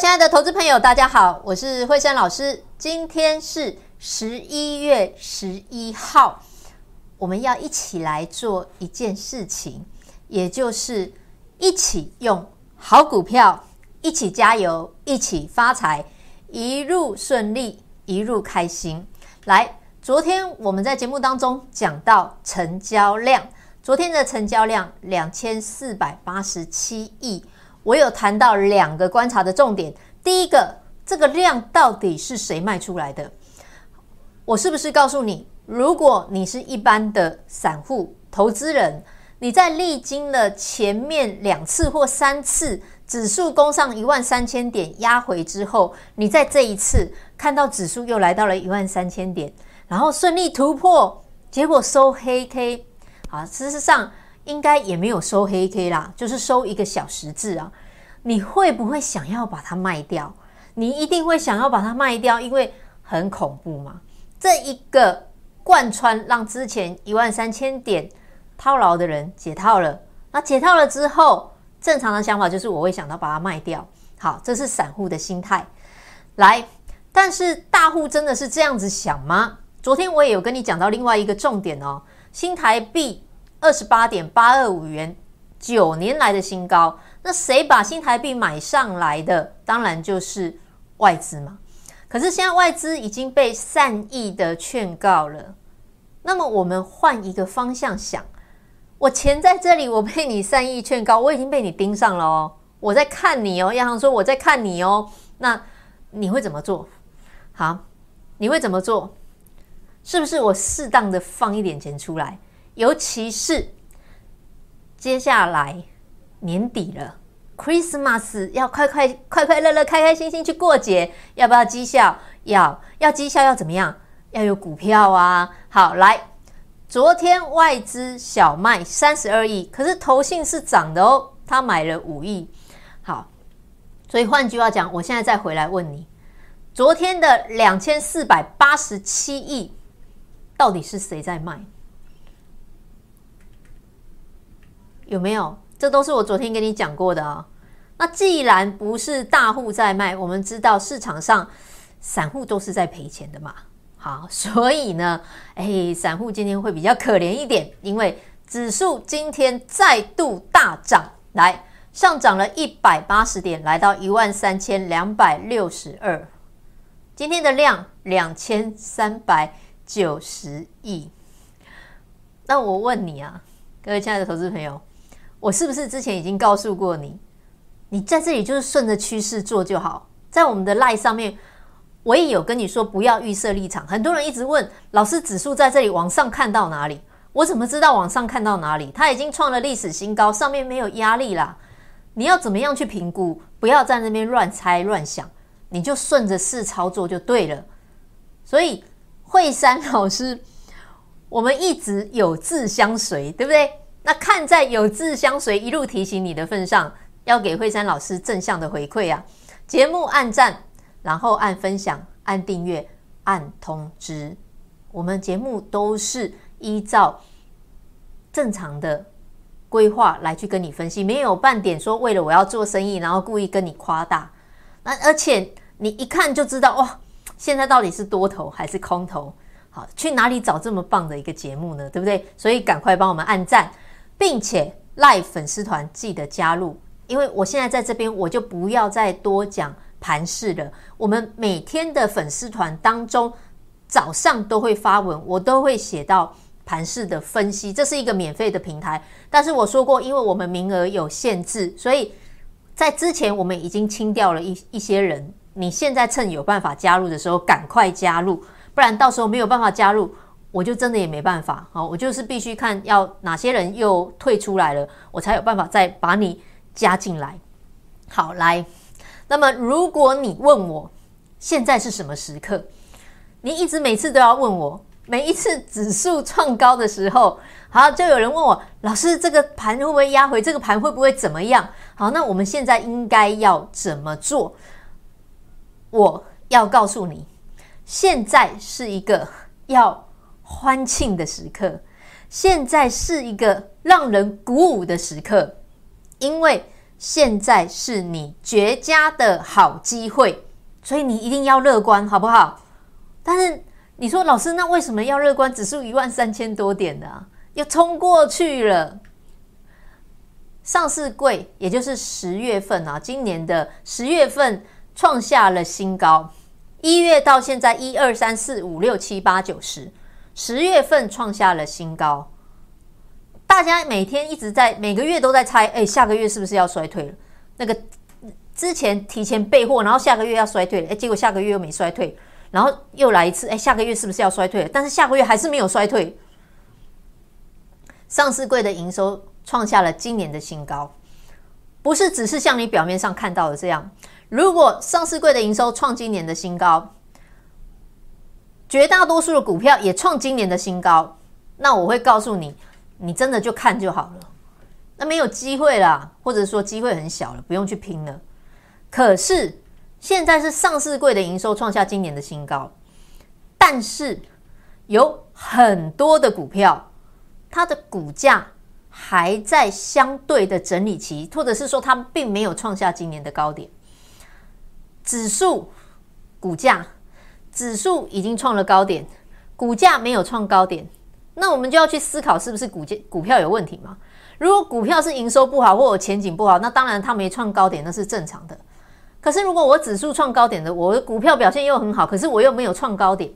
親愛的投資朋友，大家好，我是惠珊老師。今天是十一月十一號，我們要一起來做一件事情，也就是一起用好股票，一起加油，一起發財，一路順利，一路開心。來，昨天我們在節目當中講到成交量，昨天的成交量兩千四百八十七億。我有談到兩個觀察的重點，第一個，這個量到底是誰賣出來的？我是不是告訴你，如果你是一般的散戶投資人，你在歷經了前面兩次或三次指數攻上一萬三千點壓回之後，你在這一次看到指數又來到了一萬三千點，然後順利突破，結果收黑 K，啊，事實上。應該也沒有收黑 K 啦，就是收一個小十字啊。你會不會想要把它賣掉？你一定會想要把它賣掉，因為很恐怖嘛。這一個貫穿讓之前一萬三千點套牢的人解套了，那解套了之後，正常的想法就是我會想到把它賣掉。好，這是散戶的心態。來，但是大戶真的是這樣子想嗎？昨天我也有跟你講到另外一個重點哦，新台幣。二十八點八二五元，九年來的新高。那誰把新台幣買上來的？當然就是外資嘛。可是現在外資已經被善意的勸告了。那麼我們換一個方向想：我錢在這裡，我被你善意勸告，我已經被你盯上了哦。我在看你哦，央行說我在看你哦。那你會怎麼做？好，你會怎麼做？是不是我適當的放一點錢出來？尤其是接下來年底了，Christmas 要快快快快樂樂、開開心心去過節，要不要績效？要要績效要怎麼樣？要有股票啊！好，來，昨天外資小賣三十二億，可是投信是漲的哦，他買了五億。好，所以換句話講，我現在再回來問你，昨天的兩千四百八十七億，到底是誰在賣？有沒有？這都是我昨天跟你講過的啊、哦。那既然不是大戶在賣，我們知道市場上散戶都是在賠錢的嘛。好，所以呢，哎，散戶今天會比較可憐一點，因為指數今天再度大漲，來上漲了一百八十點，來到一萬三千兩百六十二。今天的量兩千三百九十億。那我問你啊，各位親愛的投資朋友。我是不是之前已經告訴過你？你在這裡就是順着趨勢做就好。在我們的 LINE 上面，我也有跟你說不要預設立場。很多人一直問老師，指數在這裡往上看到哪裡？我怎麼知道往上看到哪裡？它已經創了歷史新高，上面沒有壓力啦。你要怎麼樣去評估？不要在那邊亂猜亂想，你就順着勢操作就對了。所以惠珊老師，我們一直有志相隨，對不對？那看在有志相隨一路提醒你的份上，要給惠珊老師正向的回饋啊！節目按讚，然後按分享、按訂閱、按通知。我們節目都是依照正常的規劃來去跟你分析，沒有半點說為了我要做生意，然後故意跟你誇大。那而且你一看就知道哇，現在到底是多頭還是空頭？好，去哪裡找這麼棒的一個節目呢？對不對？所以趕快幫我們按讚。並且，賴粉絲團記得加入，因為我現在在這邊，我就不要再多講盤勢了。我們每天的粉絲團當中，早上都會發文，我都會寫到盤勢的分析，這是一個免費的平台。但是我說過，因為我們名額有限制，所以在之前我們已經清掉了一一些人。你現在趁有辦法加入的時候，趕快加入，不然到時候沒有辦法加入。我就真的也沒辦法，好，我就是必須看要哪些人又退出來了，我才有辦法再把你加進來。好，來，那麼如果你問我現在是什麼時刻，你一直每次都要問我，每一次指數創高的時候，好，就有人問我，老師這個盤會不會壓回？這個盤會不會怎麼樣？好，那我們現在應該要怎麼做？我要告訴你，現在是一個要。歡慶的時刻，現在是一個讓人鼓舞的時刻，因為現在是你絕佳的好機會，所以你一定要樂觀，好不好？但是你說，老師，那為什麼要樂觀？指數一萬三千多點的啊，又衝過去了。上市櫃也就是十月份啊，今年的十月份創下了新高，一月到現在一二三四五六七八九十。十月份創下了新高，大家每天一直在每個月都在猜，哎，下個月是不是要衰退了？那個之前提前備貨，然後下個月要衰退了，哎，結果下個月又沒衰退，然後又來一次，哎，下個月是不是要衰退了？但是下個月還是沒有衰退，上市櫃的營收創下了今年的新高，不是只是像你表面上看到的這樣。如果上市櫃的營收創今年的新高，絕大多數的股票也創今年的新高，那我會告訴你，你真的就看就好了，那沒有機會啦，或者說機會很小了，不用去拼了。可是現在是上市櫃的營收創下今年的新高，但是有很多的股票，它的股價還在相對的整理期，或者是說它並沒有創下今年的高點。指數股價。指數已經創了高點，股價沒有創高點，那我們就要去思考是不是股價股票有問題嘛？如果股票是營收不好或我前景不好，那當然它沒創高點那是正常的。可是如果我指數創高點的，我的股票表現又很好，可是我又沒有創高點，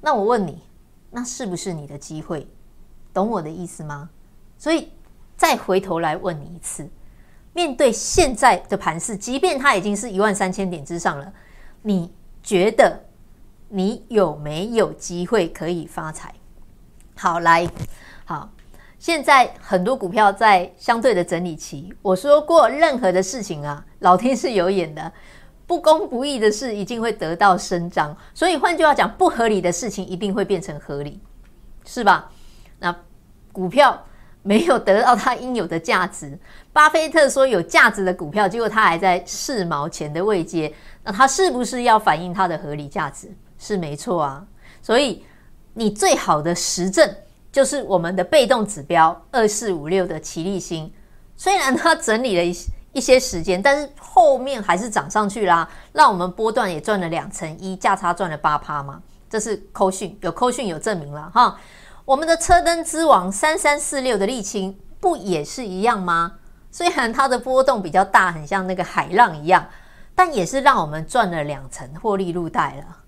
那我問你，那是不是你的機會？懂我的意思嗎？所以再回頭來問你一次，面對現在的盤勢，即便它已經是一萬三千點之上了，你覺得？你有沒有機會可以發財？好，來，好，現在很多股票在相對的整理期。我說過，任何的事情啊，老天是有眼的，不公不義的事一定會得到伸張。所以換句話講，不合理的事情一定會變成合理，是吧？那股票沒有得到它應有的價值，巴菲特說有價值的股票，結果它還在四毛錢的位階，那它是不是要反映它的合理價值？是沒錯啊，所以你最好的實證就是我們的被動指標二四五六的奇力新，雖然它整理了一一些時間，但是後面還是漲上去啦，讓我們波段也賺了兩成一，價差賺了八趴嗎？這是扣訊有扣訊有證明了哈，我們的車燈之王三三四六的麗清不也是一樣嗎？雖然它的波動比較大，很像那個海浪一樣，但也是讓我們賺了兩成，獲利入袋了。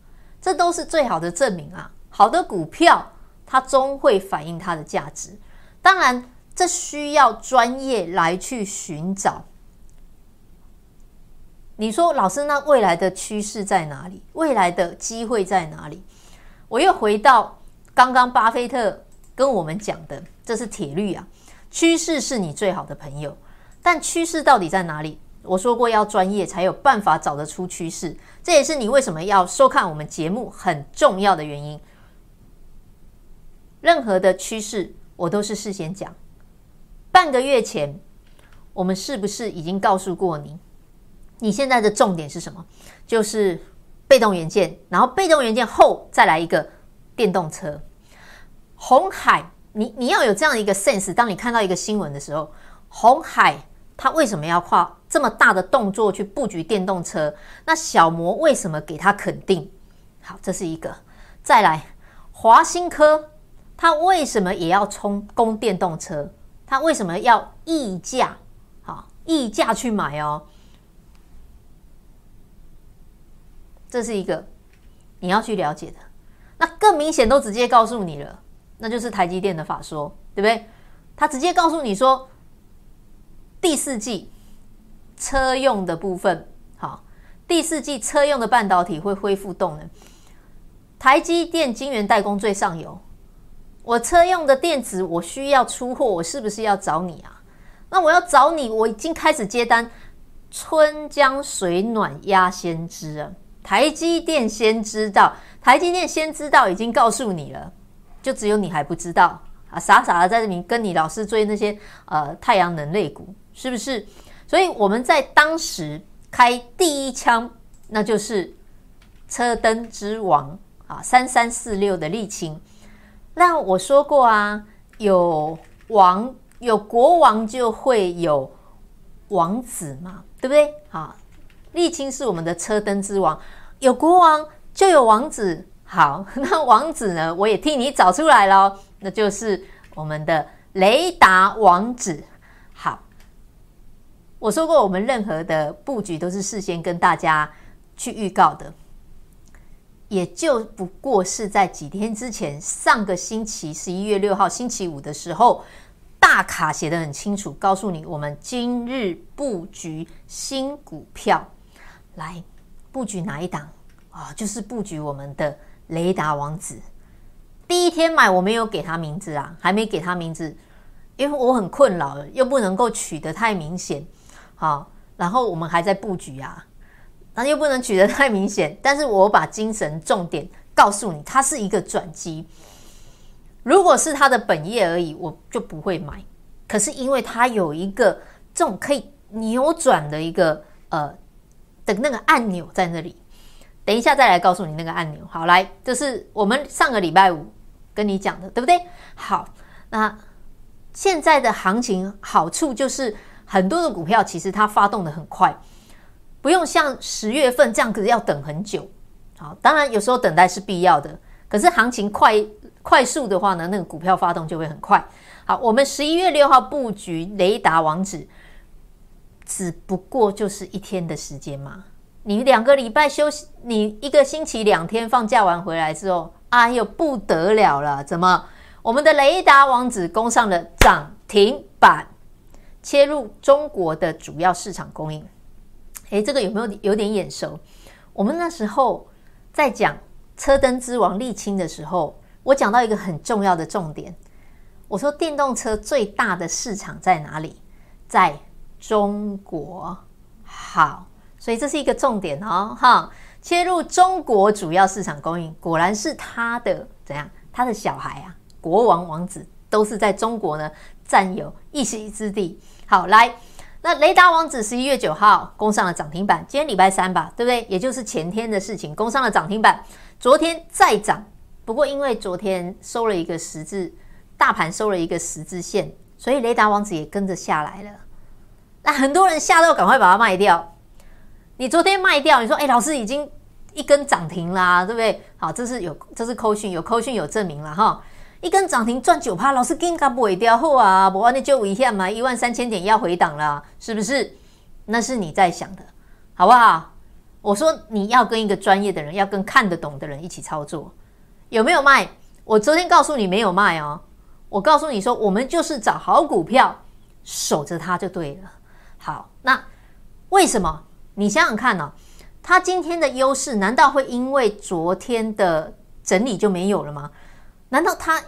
這都是最好的證明啊！好的股票，它終會反映它的價值。當然，這需要專業來去尋找。你說，老師，那未來的趨勢在哪裡？未來的機會在哪裡？我又回到剛剛巴菲特跟我們講的，這是鐵律啊！趨勢是你最好的朋友，但趨勢到底在哪裡？我說過要專業才有辦法找得出趨勢，這也是你為什麼要收看我們節目很重要的原因。任何的趨勢我都是事先講。半個月前，我們是不是已經告訴過你？你現在的重點是什麼？就是被動元件，然後被動元件後再來一個電動車。鴻海，你你要有這樣一個 sense。當你看到一個新聞的時候，鴻海它為什麼要跨？這麼大的動作去布局電動車，那小摩為什麼給他肯定？好，這是一個。再來，華新科他為什麼也要衝攻電動車？他為什麼要溢價？好，溢價去買哦，這是一個你要去了解的。那更明顯都直接告訴你了，那就是台積電的法說，對不對？他直接告訴你說第四季。車用的部分，好，第四季車用的半導體會恢復動能。台積電、晶圓代工最上游，我車用的電子，我需要出貨，我是不是要找你啊？那我要找你，我已經開始接單。春江水暖鴨先知啊，台積電先知道，台積電先知道，已經告訴你了，就只有你還不知道啊？傻傻的在這裡跟你老師追那些呃太陽能類股，是不是？所以我們在當時開第一槍，那就是車燈之王啊，三三四六的麗清。那我說過啊，有王有國王，就會有王子嘛，對不對？啊，麗清是我們的車燈之王，有國王就有王子。好，那王子呢，我也替你找出來咯，那就是我們的雷達王子。我說過，我們任何的布局都是事先跟大家去預告的，也就不過是在幾天之前，上個星期十一月六號星期五的時候，大卡寫得很清楚，告訴你我們今日布局新股票，來布局哪一檔啊？就是布局我們的雷達王子。第一天買，我沒有給他名字啊，還沒給他名字，因為我很困擾，又不能夠取得太明顯。好，然後我們還在布局啊，那又不能舉得太明顯。但是我把精神重點告訴你，它是一個轉機。如果是它的本業而已，我就不會買。可是因為它有一個這種可以扭轉的一個呃的，那個按鈕在那裡。等一下再來告訴你那個按鈕。好，來，就是我們上個禮拜五跟你講的，對不對？好，那現在的行情好處就是。很多的股票其實它發動的很快，不用像十月份這樣，可是要等很久。好，當然有時候等待是必要的，可是行情快快速的話呢，那個股票發動就會很快。好，我們十一月六號布局雷達王子，只不過就是一天的時間嘛。你兩個禮拜休息，你一個星期兩天放假完回來之後，哎呦不得了了，怎麼我們的雷達王子攻上了漲停板？切入中國的主要市場供應，誒，這個有沒有有點眼熟？我們那時候在講車燈之王麗清的時候，我講到一個很重要的重點，我說電動車最大的市場在哪裡？在中國。好，所以這是一個重點哦，哈。切入中國主要市場供應，果然是他的怎樣，他的小孩啊，國王王子都是在中國呢，占有一席之地。好，來，那雷達王子十一月九號攻上了漲停板，今天禮拜三吧，對不對？也就是前天的事情，攻上了漲停板，昨天再漲，不過因為昨天收了一個十字，大盤收了一個十字線，所以雷達王子也跟着下來了。那很多人嚇到，趕快把它賣掉。你昨天賣掉，你說，誒、欸，老師已經一根漲停啦、啊，對不對？好，這是有，這是 K 線，有 K 線，有證明了哈。一根漲停賺九趴，老師更加不會掉貨啊！不然你就一下嘛，一萬三千點要回檔了，是不是？那是你在想的，好不好？我說你要跟一個專業的人，要跟看得懂的人一起操作。有沒有賣？我昨天告訴你沒有賣哦、喔。我告訴你說，我們就是找好股票，守着它就對了。好，那為什麼？你想想看呢？它今天的優勢難道會因為昨天的整理就沒有了嗎？難道它？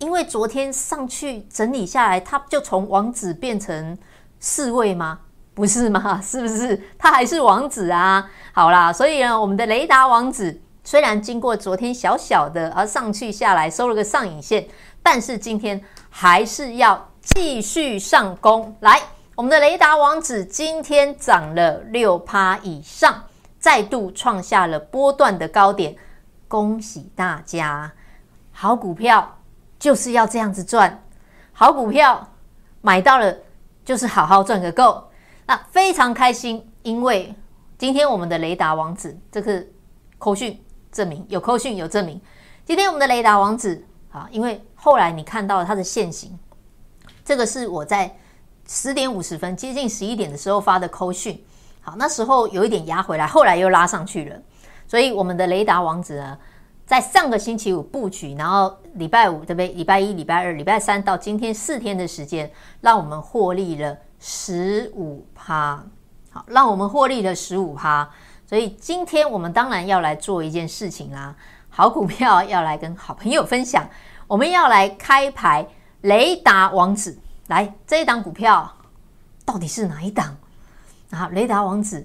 因為昨天上去整理下來，他不就從王子變成侍衛嗎？不是嗎？是不是？他還是王子啊！好啦，所以呢，我們的雷達王子雖然經過昨天小小的而上去下來收了個上影線，但是今天還是要繼續上攻。來，我們的雷達王子今天漲了六趴以上，再度創下了波段的高點，恭喜大家！好股票。就是要這樣子賺，好股票買到了，就是好好賺個夠，那非常開心。因為今天我們的雷達王子，這個扣訊證明有扣訊有證明。今天我們的雷達王子啊，因為後來你看到了它的線形，這個是我在十點五十分接近十一點的時候發的扣訊。好，那時候有一點壓回來，後來又拉上去了，所以我們的雷達王子呢。在上個星期五布局，然後禮拜五對不對？禮拜一、禮拜二、禮拜三到今天四天的時間，讓我們獲利了十五趴。好，讓我們獲利了十五趴。所以今天我們當然要來做一件事情啦、啊。好股票要來跟好朋友分享，我們要來開牌雷達王子。來，這一檔股票到底是哪一檔？然後雷達王子，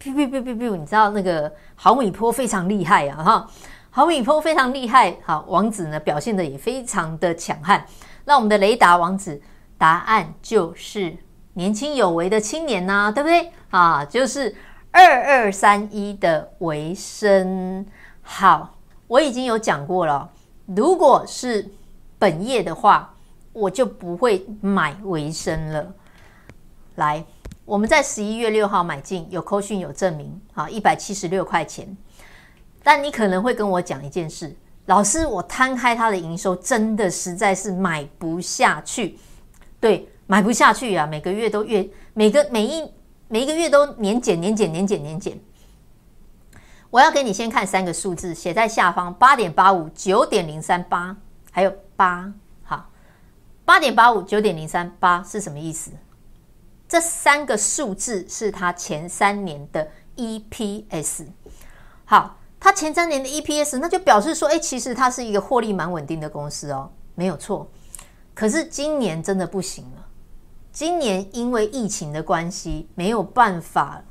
嗶嗶嗶嗶嗶，你知道那個毫米波非常厲害啊哈。好，敏峰非常厲害，好王子呢，表現得也非常的強悍。那我們的雷達王子答案就是年輕有為的青年吶、啊，對不對？啊，就是二二三一的為升。好，我已經有講過了，如果是本業的話，我就不會買為升了。來，我們在十一月六號買進，有扣訊有證明，好一百七十六塊錢。但你可能會跟我講一件事，老師，我攤開他的營收，真的實在是買不下去，對，買不下去啊！每個月都月，每個每一每一個月都年減年減年減年減。我要給你先看三個數字，寫在下方：八點八五、九點零三八，還有八。好，八點八五、九點零三八是什麼意思？這三個數字是他前三年的 EPS。好。他前三年的 EPS，那就表示說，哎、欸，其實它是一個獲利蠻穩定的公司哦，沒有錯。可是今年真的不行了，今年因為疫情的關係，沒有辦法，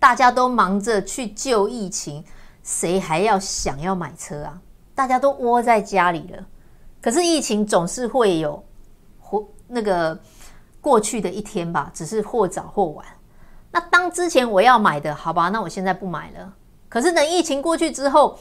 大家都忙着去救疫情，誰還要想要買車啊？大家都窩在家裡了。可是疫情總是會有那個過去的一天吧，只是或早或晚。那當之前我要買的好吧，那我現在不買了。可是等疫情過去之後，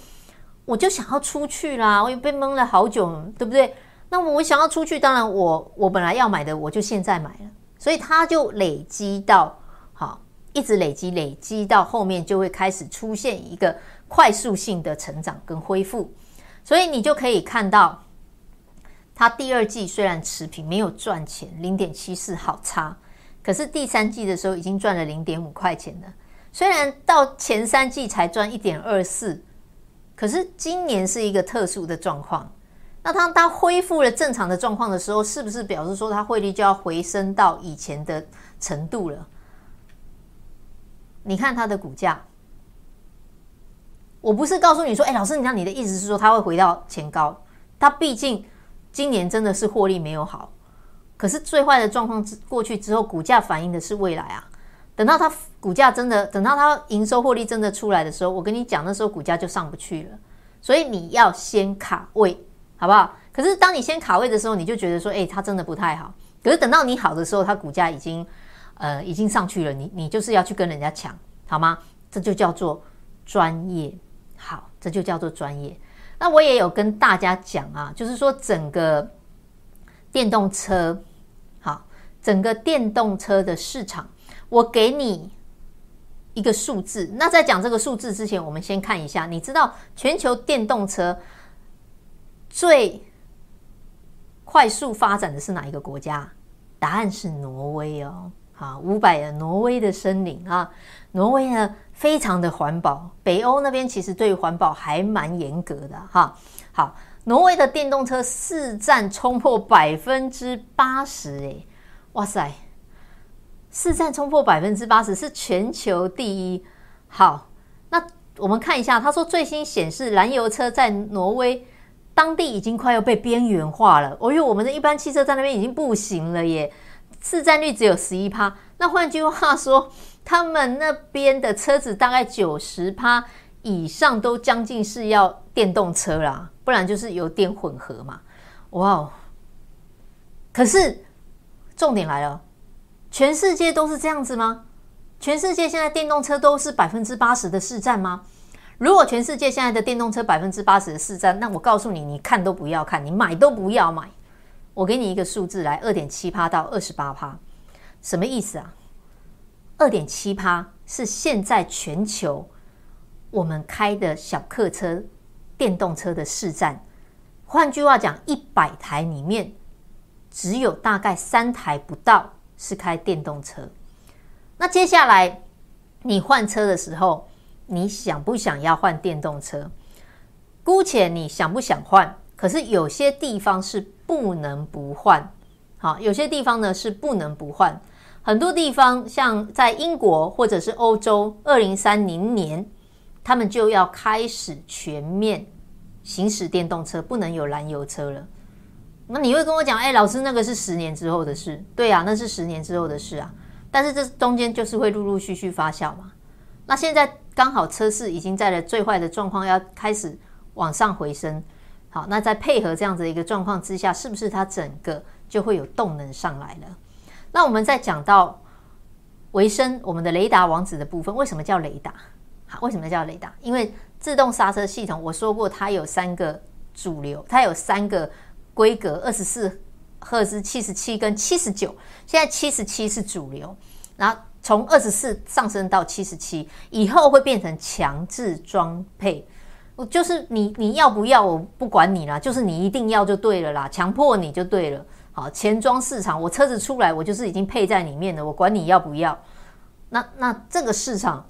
我就想要出去啦！我又被悶了好久了，對不對？那我我想要出去，當然我我本來要買的，我就現在買了。所以它就累積到好，一直累積累積到後面就會開始出現一個快速性的成長跟恢復。所以你就可以看到，它第二季雖然持平，沒有賺錢，零點七四好差，可是第三季的時候已經賺了零點五塊錢了。雖然到前三季才賺一點二四，可是今年是一個特殊的狀況。那當它恢復了正常的狀況的時候，是不是表示說它匯率就要回升到以前的程度了？你看它的股價，我不是告訴你說，哎，老師，你看你的意思是說它會回到前高？它畢竟今年真的是獲利沒有好，可是最壞的狀況過去之後，股價反映的是未來啊。等到它股價真的，等到它營收獲利真的出來的時候，我跟你講，那時候股價就上不去了。所以你要先卡位，好不好？可是當你先卡位的時候，你就覺得說，誒，它真的不太好。可是等到你好的時候，它股價已經，呃，已經上去了。你你就是要去跟人家搶，好嗎？這就叫做專業，好，這就叫做專業。那我也有跟大家講啊，就是說整個電動車，好，整個電動車的市場。我給你一個數字。那在講這個數字之前，我們先看一下。你知道全球電動車最快速發展的是哪一個國家？答案是挪威哦。好，五百人，挪威的森林啊，挪威呢非常的環保，北歐那邊其實對環保還蠻嚴格的哈、啊。好，挪威的電動車市占衝破百分之八十，哎、欸，哇塞！市占衝破百分之八十，是全球第一。好，那我們看一下，他說最新顯示，燃油車在挪威當地已經快要被邊緣化了。哦，因為我們的一般汽車在那邊已經不行了耶，市占率只有十一趴。那換句話說，他們那邊的車子大概九十趴以上都將近是要電動車啦，不然就是有點混合嘛。哇哦，可是重點來了。全世界都是這樣子嗎？全世界現在電動車都是百分之八十的市占嗎？如果全世界現在的電動車百分之八十的市占，那我告訴你，你看都不要看，你買都不要買。我給你一個數字來，二點七趴到二十八趴，什麼意思啊？二點七趴是現在全球我們開的小客車電動車的市占，換句話講，一百台裡面只有大概三台不到。是開電動車，那接下來你換車的時候，你想不想要換電動車？姑且你想不想換？可是有些地方是不能不換，好，有些地方呢是不能不換。很多地方像在英國或者是歐洲，二零三零年他們就要開始全面行駛電動車，不能有燃油車了。那你會跟我講，哎、欸，老師，那個是十年之後的事，對啊，那是十年之後的事啊。但是這中間就是會陸陸續續發酵嘛。那現在剛好車市已經在了最壞的狀況，要開始往上回升。好，那在配合這樣子一個狀況之下，是不是它整個就會有動能上來了？那我們再講到維生我們的雷達王子的部分，為什麼叫雷達？好，為什麼叫雷達？因為自動剎車系統，我說過它有三個主流，它有三個。規格二十四赫茲、七十七跟七十九，現在七十七是主流。然後從二十四上升到七十七以後，會變成強制裝配。我就是你，你要不要？我不管你啦，就是你一定要就對了啦，強迫你就對了。好，前裝市場，我車子出來，我就是已經配在裡面了，我管你要不要。那那這個市場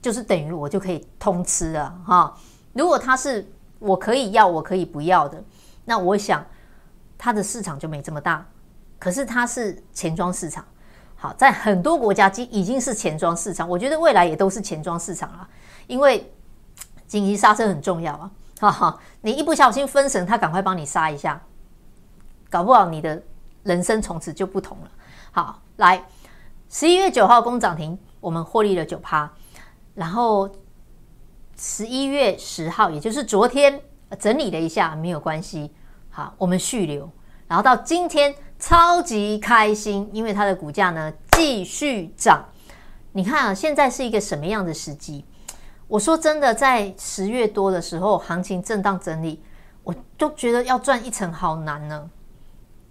就是等於我就可以通吃了哈。如果它是我可以要，我可以不要的，那我想。它的市場就沒這麼大，可是它是前裝市場。好，在很多國家已經，已經是前裝市場，我覺得未來也都是前裝市場了，因為緊急剎車很重要啊！哈哈，你一不小心分神，他趕快幫你剎一下，搞不好你的人生從此就不同了。好，來十一月九號攻漲停，我們獲利了九趴，然後十一月十號，也就是昨天整理了一下，沒有關係。好，我們續留，然後到今天超級開心，因為它的股價呢繼續漲。你看啊，現在是一個什麼樣的時機？我說真的，在十月多的時候，行情震盪整理，我都覺得要賺一成好難呢。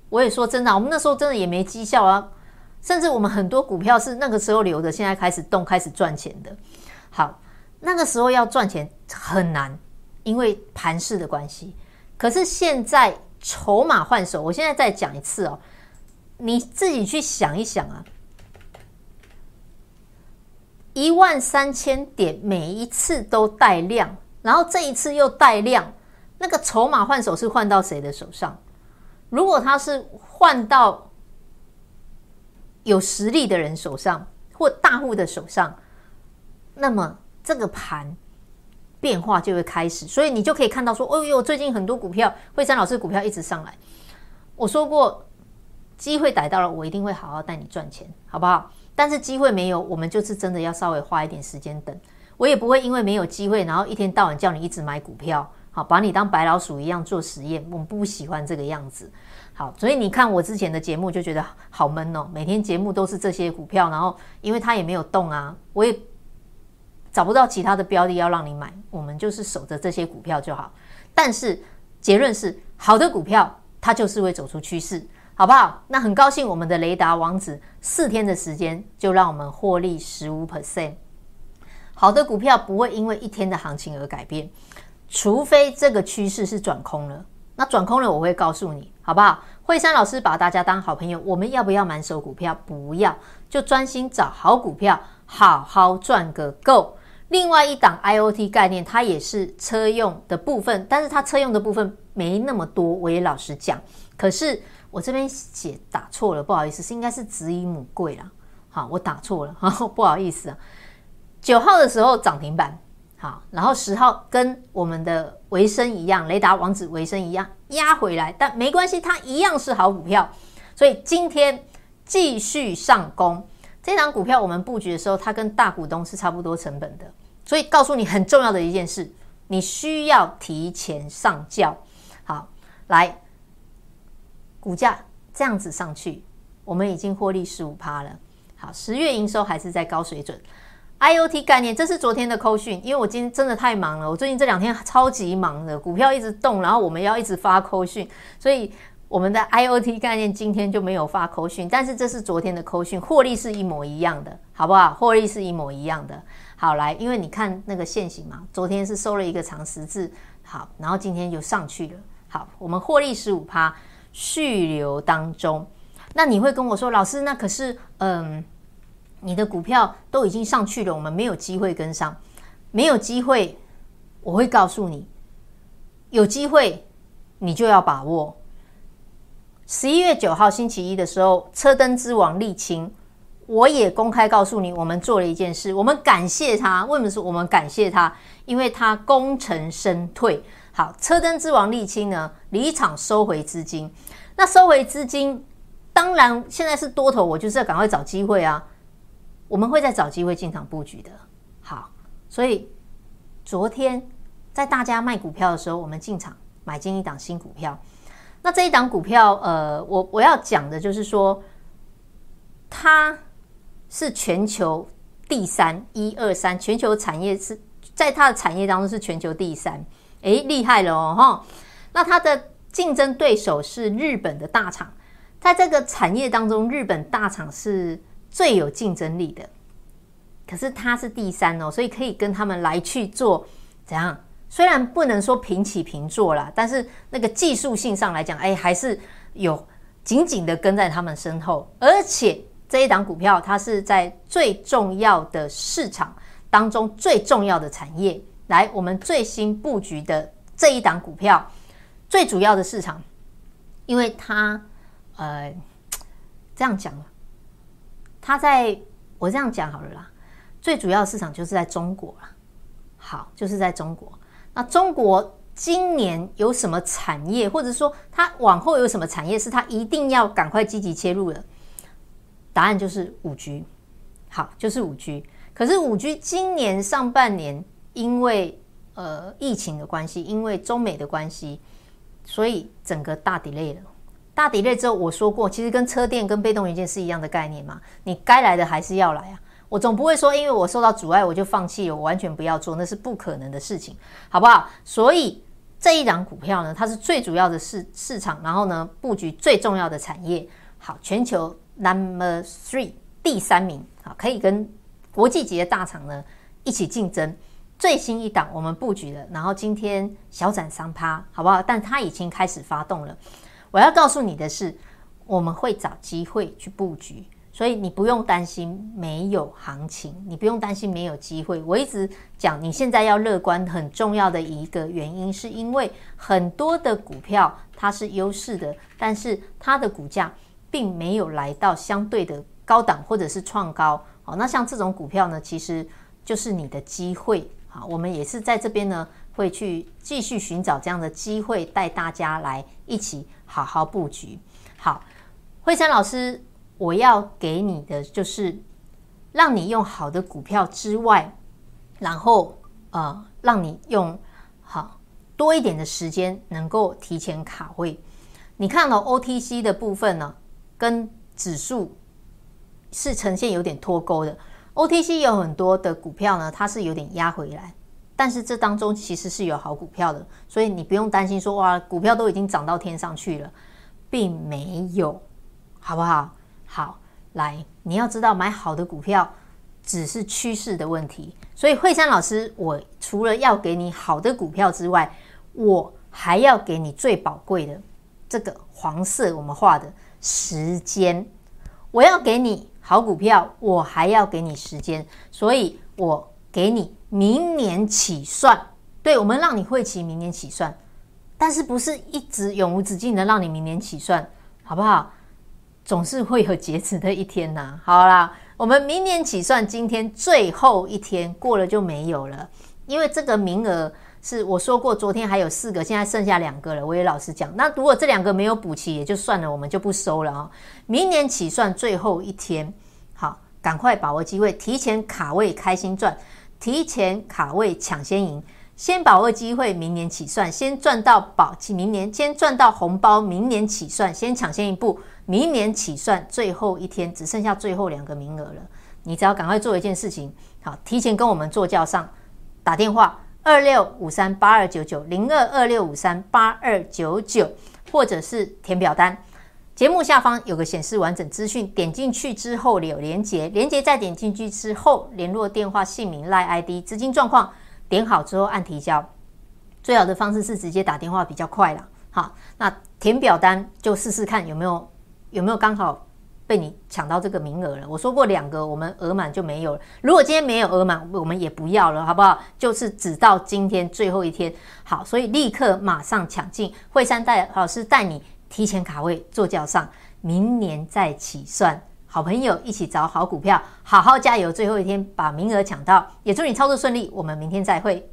我也說真的、啊，我們那時候真的也沒績效啊，甚至我們很多股票是那個時候留的，現在開始動，開始賺錢的。好，那個時候要賺錢很難，因為盤勢的關係。可是現在籌碼換手，我現在再講一次哦，你自己去想一想啊，一萬三千點每一次都帶量，然後這一次又帶量，那個籌碼換手是換到誰的手上？如果他是換到有實力的人手上，或大戶的手上，那麼這個盤。變化就會開始，所以你就可以看到說，哎呦，最近很多股票，惠珊老師股票一直上來。我說過，機會逮到了，我一定會好好帶你賺錢，好不好？但是機會沒有，我們就是真的要稍微花一點時間等。我也不會因為沒有機會，然後一天到晚叫你一直買股票，好，把你當白老鼠一樣做實驗，我們不喜歡這個樣子。好，所以你看我之前的節目就覺得好悶哦，每天節目都是這些股票，然後因為它也沒有動啊，我也。找不到其他的標的要讓你買，我們就是守着這些股票就好。但是結論是，好的股票它就是會走出趨勢，好不好？那很高興，我們的雷達王子四天的時間就讓我們獲利十五 percent。好的股票不會因為一天的行情而改變，除非這個趨勢是轉空了。那轉空了，我會告訴你，好不好？惠珊老師把大家當好朋友，我們要不要滿手股票？不要，就專心找好股票，好好賺個夠。另外一檔 IOT 概念，它也是車用的部分，但是它車用的部分沒那麼多。我也老實講，可是我這邊寫打錯了，不好意思，是應該是子以母貴啦。好，我打錯了呵呵，不好意思啊。九號的時候漲停板，好，然後十號跟我們的維生一樣，雷達王子維生一樣壓回來，但沒關係，它一樣是好股票，所以今天繼續上攻。這檔股票我們布局的時候，它跟大股東是差不多成本的。所以告訴你很重要的一件事，你需要提前上轎。好，來，股價這樣子上去，我們已經獲利十五趴了。好，十月營收還是在高水準。IOT 概念，這是昨天的扣訊，因為我今天真的太忙了，我最近這兩天超級忙的，股票一直動，然後我們要一直發扣訊，所以我們的 IOT 概念今天就沒有發扣訊，但是這是昨天的扣訊，獲利是一模一樣的，好不好？獲利是一模一樣的。好，來，因為你看那個線型嘛，昨天是收了一個長十字，好，然後今天就上去了。好，我們獲利十五趴，續留當中。那你會跟我說，老師，那可是，嗯，你的股票都已經上去了，我們沒有機會跟上，沒有機會，我會告訴你，有機會你就要把握。十一月九號星期一的時候，車燈之王麗清。我也公開告訴你，我們做了一件事，我們感謝他。為什麼？我們感謝他，因為他功成身退。好，車燈之王麗清呢？離場收回資金。那收回資金，當然現在是多頭，我就是要趕快找機會啊。我們會再找機會進場布局的。好，所以昨天在大家賣股票的時候，我們進場買進一檔新股票。那這一檔股票，呃，我我要講的就是說，它。是全球第三，一二三，全球產業是在它的產業當中是全球第三，誒，厲害了哦哈。那它的競爭對手是日本的大廠，在這個產業當中，日本大廠是最有競爭力的。可是它是第三哦，所以可以跟他們來去做怎樣？雖然不能說平起平坐啦，但是那個技術性上來講，誒，還是有緊緊的跟在他們身後，而且。這一檔股票，它是在最重要的市場當中最重要的產業。來，我們最新布局的這一檔股票，最主要的市場，因為它，呃，這樣講它在我這樣講好了啦。最主要的市場就是在中國了。好，就是在中國。那中國今年有什麼產業，或者說它往後有什麼產業，是它一定要趕快積極切入的？答案就是五 G，好，就是五 G。可是五 G 今年上半年因為呃疫情的關係，因為中美的關係，所以整個大 delay 了。大 delay 之後，我說過，其實跟車電、跟被動元件是一樣的概念嘛。你該來的還是要來啊。我總不會說，因為我受到阻礙，我就放棄了，我完全不要做，那是不可能的事情，好不好？所以這一檔股票呢，它是最主要的市市場，然後呢佈局最重要的產業。好，全球。Number three, 第三名，好，可以跟國際級的大廠呢一起競爭。最新一檔我們佈局了，然後今天小漲三趴，好不好？但它已經開始發動了。我要告訴你的是，我們會找機會去佈局，所以你不用擔心沒有行情，你不用擔心沒有機會。我一直講你現在要樂觀，很重要的一個原因是因為很多的股票它是優勢的，但是它的股價。並沒有來到相對的高檔，或者是創高。那像這種股票呢，其實就是你的機會。好，我們也是在這邊呢，會去繼續尋找這樣的機會，帶大家來一起好好布局。好，惠珊老師，我要給你的就是讓你用好的股票之外，然後呃，讓你用好多一點的時間能夠提前卡位。你看到、哦、OTC 的部分呢？跟指數是呈現有點脫鈎的，OTC 有很多的股票呢，它是有點壓回來，但是這當中其實是有好股票的，所以你不用擔心說哇，股票都已經漲到天上去了，並沒有，好不好？好，來，你要知道買好的股票只是趨勢的問題，所以惠珊老師，我除了要給你好的股票之外，我還要給你最寶貴的這個黃色，我們畫的。時間，我要給你好股票，我還要給你時間，所以我給你明年起算，對，我們讓你會期明年起算，但是不是一直永無止境的讓你明年起算，好不好？總是會有截止的一天吶、啊。好啦，我們明年起算，今天最後一天過了就沒有了，因為這個名額。是我說過，昨天還有四個，現在剩下兩個了。我也老實講，那如果這兩個沒有補齊，也就算了，我們就不收了啊、哦。明年起算最後一天，好，趕快把握機會，提前卡位，開心賺，提前卡位搶先贏，先把握機會。明年起算，先賺到保，明年先賺到紅包。明年起算，先搶先一步。明年起算最後一天，只剩下最後兩個名額了。你只要趕快做一件事情，好，提前跟我們座教上打電話。二六五三八二九九零二二六五三八二九九，99, 99, 或者是填表單。節目下方有個顯示完整資訊，點進去之後有連結，連結再點進去之後，聯絡電話、姓名、LINE ID、資金狀況，點好之後按提交。最好的方式是直接打電話比較快啦。好，那填表單就試試看有沒有有沒有剛好。被你搶到這個名額了。我說過兩個，我們額滿就沒有了。如果今天沒有額滿，我們也不要了，好不好？就是只到今天最後一天。好，所以立刻馬上搶進。惠珊帶老師帶你提前卡位坐轎上，明年再起算。好朋友一起找好股票，好好加油。最後一天把名額搶到，也祝你操作順利。我們明天再會。